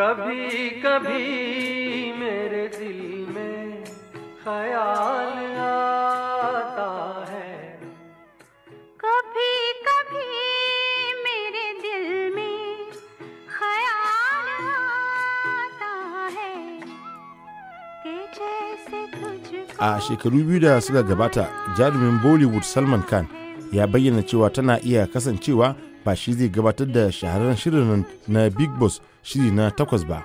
कभी कभी मेरे दिल में ख्याल आता है कभी कभी मेरे दिल में ख्याल आता है कि जैसे तुझको a shekaru biyu da suka gabata jarumin bollywood salman khan ya bayyana cewa tana iya kasancewa ba shi zai gabatar da shahararren shirin na big boss shiri na takwas ba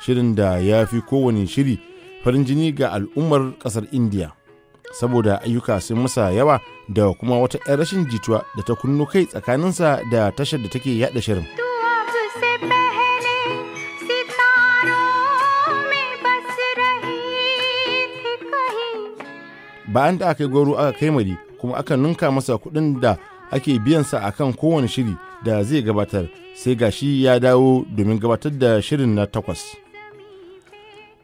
shirin da ya fi kowane shiri farin jini ga al'ummar kasar india saboda ayyuka sun masa yawa da kuma wata 'yan rashin jituwa da ta kunno kai tsakaninsa da tashar da take yada shirin. bayan da aka yi gwaro aka kai mari kuma aka ninka masa kuɗin da ake biyansa a kan kowane shiri da zai gabatar sai gashi ya dawo domin gabatar da shirin na takwas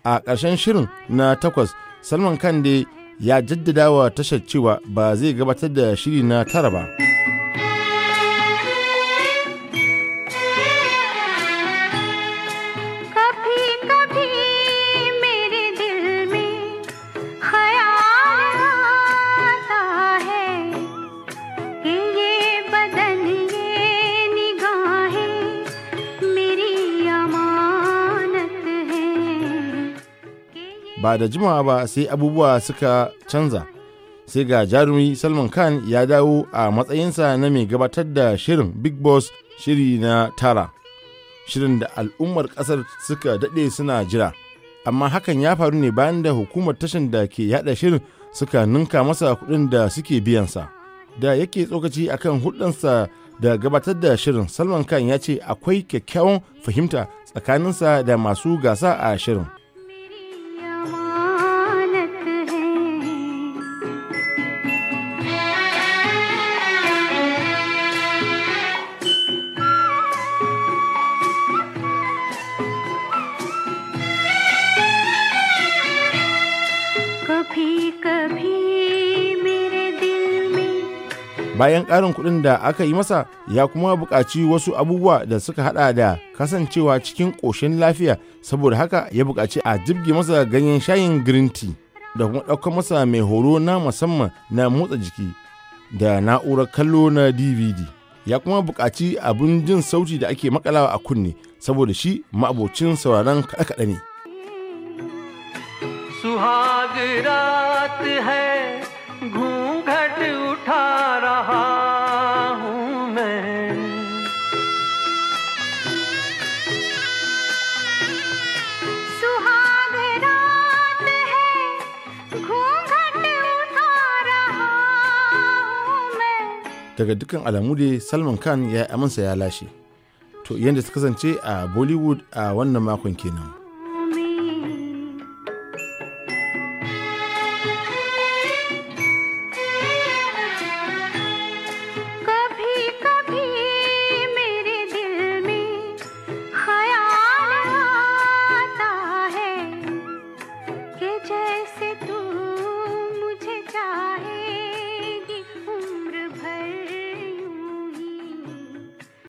a ƙarshen shirin na takwas salman kande ya jaddada wa tashar cewa ba zai gabatar da shiri na tara ba. ba da jimawa ba sai abubuwa suka canza sai ga jarumi salman khan ya dawo a matsayinsa na mai gabatar da shirin big boss shiri na tara shirin da al'ummar kasar suka daɗe suna jira amma hakan ya faru ne bayan da hukumar tashin da ke yada shirin suka ninka masa kuɗin da suke biyansa da yake tsokaci akan hudansa da gabatar da shirin salman khan ya ce akwai kyakkyawan fahimta tsakaninsa da masu gasa a shirin bayan ƙarin kuɗin da aka yi masa ya kuma buƙaci wasu abubuwa da suka haɗa da kasancewa cikin ƙoshin lafiya saboda haka ya buƙaci a jibge masa ganyen shayin green tea da kuma ɗaukar masa mai horo na musamman na motsa jiki da na'urar kallo na dvd ya kuma buƙaci abin jin sauti da ake makalawa a kunne saboda shi ma'abocin sauraron kaɗe-kaɗe ne. Suhag daga dukkan alamu dai salman khan ya yi amansa ya lashe to yadda su kasance a bollywood a wannan makon kenan.